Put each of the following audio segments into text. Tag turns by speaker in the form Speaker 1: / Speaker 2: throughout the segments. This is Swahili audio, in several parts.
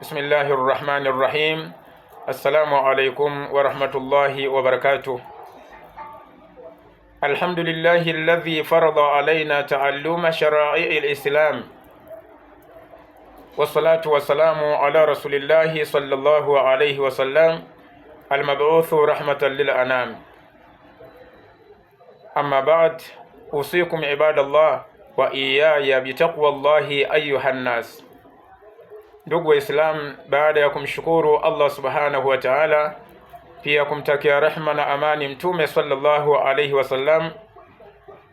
Speaker 1: بسم الله الرحمن الرحيم السلام عليكم ورحمة الله وبركاته الحمد لله الذي فرض علينا تعلم شرائع الإسلام والصلاة والسلام على رسول الله صلى الله عليه وسلم المبعوث رحمة للأنام أما بعد أوصيكم عباد الله وإياي بتقوى الله أيها الناس Ndugu Waislamu, baada ya kumshukuru Allah subhanahu wa taala, pia kumtakia rehma na amani Mtume sallallahu alaihi wasallam,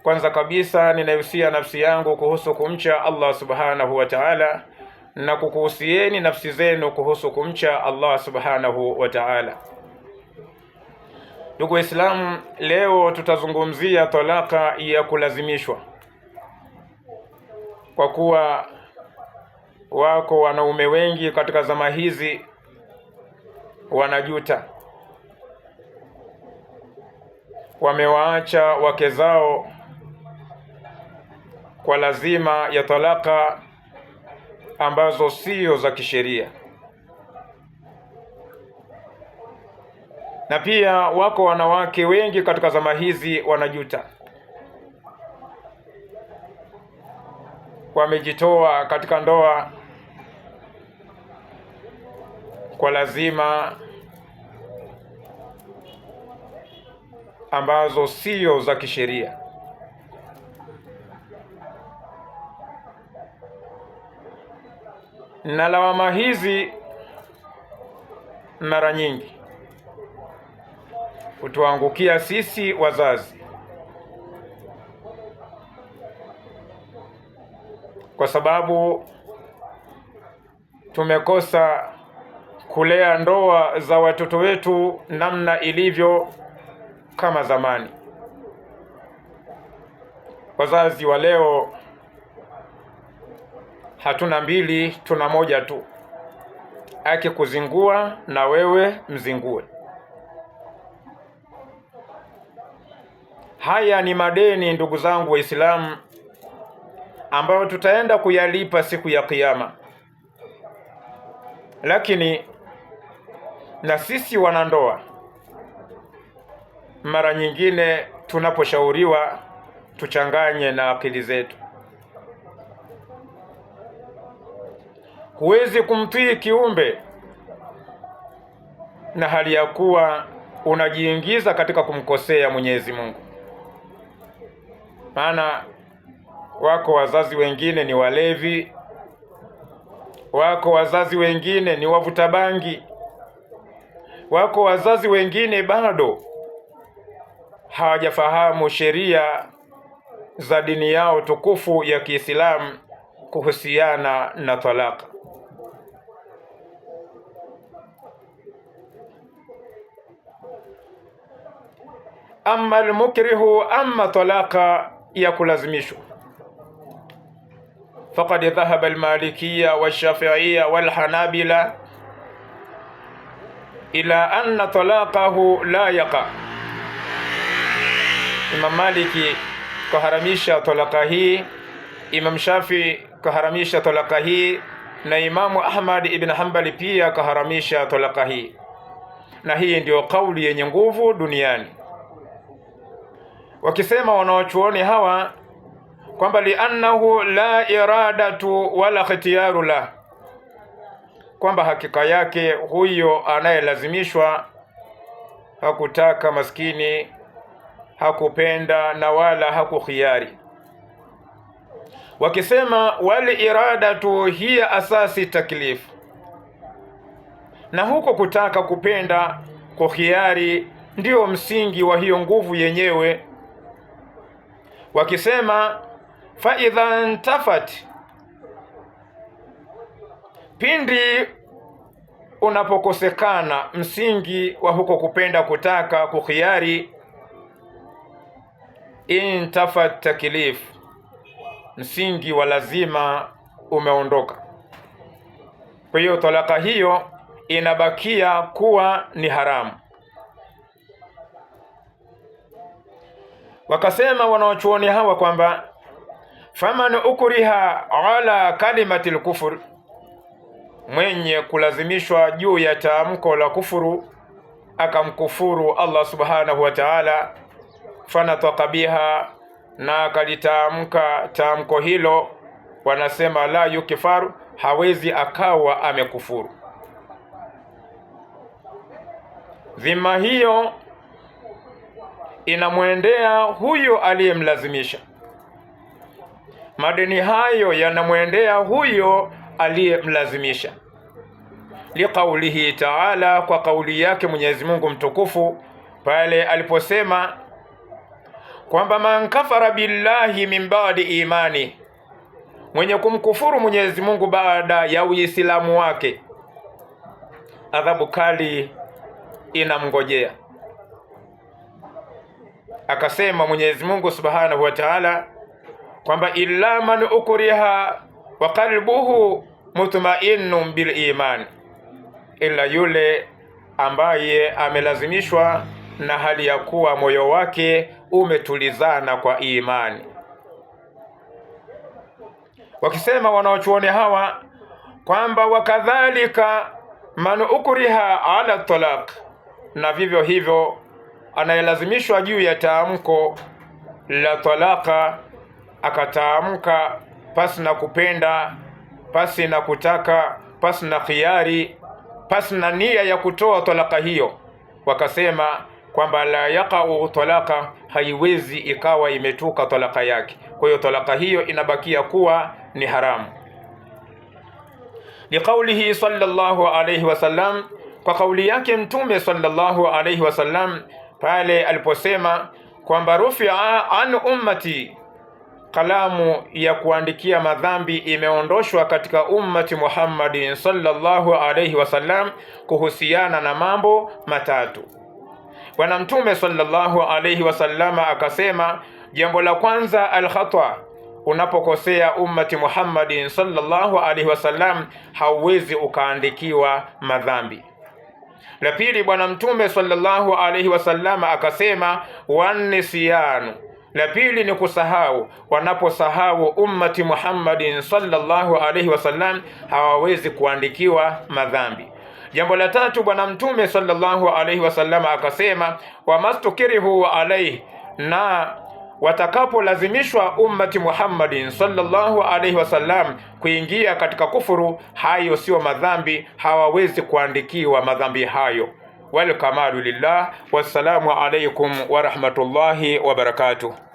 Speaker 1: kwanza kabisa ninahusia nafsi yangu kuhusu kumcha Allah subhanahu wa taala na kukuhusieni nafsi zenu kuhusu kumcha Allah subhanahu wa taala. Ndugu Waislamu, leo tutazungumzia talaka ya kulazimishwa kwa kuwa Wako wanaume wengi katika zama hizi wanajuta, wamewaacha wake zao kwa lazima ya talaka ambazo sio za kisheria, na pia wako wanawake wengi katika zama hizi wanajuta, wamejitoa katika ndoa kwa lazima ambazo sio za kisheria. Na lawama hizi mara nyingi hutuangukia sisi wazazi, kwa sababu tumekosa kulea ndoa za watoto wetu namna ilivyo kama zamani. Wazazi wa leo hatuna mbili, tuna moja tu. Akikuzingua na wewe mzingue. Haya ni madeni, ndugu zangu Waislamu, ambayo tutaenda kuyalipa siku ya Kiyama, lakini na sisi wanandoa, mara nyingine tunaposhauriwa tuchanganye na akili zetu. Huwezi kumtii kiumbe na hali ya kuwa unajiingiza katika kumkosea Mwenyezi Mungu. Maana wako wazazi wengine ni walevi, wako wazazi wengine ni wavuta bangi, Wako wazazi wengine bado hawajafahamu sheria za dini yao tukufu ya Kiislamu kuhusiana na talaka. Amma almukrihu, amma talaka ya kulazimishwa faqad dhahaba almalikiya walshafiiya walhanabila ila anna talaqahu la yaqa. Imam Maliki kaharamisha talaka hii, Imam Shafi kaharamisha talaka hii, na Imamu Ahmad ibn Hanbali pia kaharamisha talaka hii, na hii ndio kauli yenye nguvu duniani, wakisema wanaochuoni hawa kwamba liannahu la iradatu wala ikhtiyaru la kwamba hakika yake huyo anayelazimishwa hakutaka maskini, hakupenda na wala hakukhiari. Wakisema wal iradatu hiya asasi taklifu, na huko kutaka kupenda kukhiari ndio msingi wa hiyo nguvu yenyewe. Wakisema fa idha ntafat Pindi unapokosekana msingi wa huko kupenda kutaka kukhiari intafat taklif, msingi wa lazima umeondoka. Kwa hiyo talaka hiyo inabakia kuwa ni haramu. Wakasema wanaochuoni hawa kwamba faman ukriha ala kalimati lkufur mwenye kulazimishwa juu ya tamko la kufuru akamkufuru Allah subhanahu wa ta'ala, fanataka biha, na akalitamka tamko hilo, wanasema la yukifaru, hawezi akawa amekufuru. Dhima hiyo inamwendea huyo aliyemlazimisha, madeni hayo yanamwendea huyo aliyemlazimisha, liqaulihi taala, kwa kauli yake Mwenyezi Mungu mtukufu pale aliposema kwamba man kafara billahi min baadi imani, mwenye kumkufuru Mwenyezi Mungu baada ya uislamu wake, adhabu kali inamngojea. Akasema Mwenyezi Mungu subhanahu wa taala kwamba illa man ukriha wa qalbuhu mutmainnun bil iman, ila yule ambaye amelazimishwa na hali ya kuwa moyo wake umetulizana kwa imani. Wakisema wanaochuoni hawa kwamba wakadhalika man ukriha ala talaq, na vivyo hivyo anayelazimishwa juu ya taamko la talaka, akataamka pasi na kupenda, pasi na kutaka, pasi na khiari, pasi na nia ya kutoa talaka hiyo. Wakasema kwamba la yaqau talaka, haiwezi ikawa imetuka talaka yake. Kwa hiyo talaka hiyo inabakia kuwa ni haramu. Liqaulihi sallallahu alayhi wasallam, kwa kauli yake Mtume sallallahu alayhi wasallam pale aliposema kwamba rufia an ummati kalamu ya kuandikia madhambi imeondoshwa katika ummati Muhammadin sallallahu alayhi wasallam kuhusiana na mambo matatu. Bwana Mtume sallallahu alayhi wasallama akasema, jambo la kwanza alkhata, unapokosea ummati Muhammadin sallallahu alayhi wasallam hauwezi ukaandikiwa madhambi. La pili, Bwana Mtume sallallahu alayhi wasallama akasema, wanisiyanu la pili ni kusahau. Wanaposahau ummati Muhammadin sallallahu alaihi wasallam hawawezi kuandikiwa madhambi. Jambo la tatu, Bwana Mtume sallallahu alaihi wasallam akasema, wamastukirihu alaihi, na watakapolazimishwa ummati Muhammadin sallallahu alaihi wasallam kuingia katika kufuru, hayo sio madhambi, hawawezi kuandikiwa madhambi hayo. Walkamalu lillah. Wassalamu alaikum warahmatullahi wabarakatuh.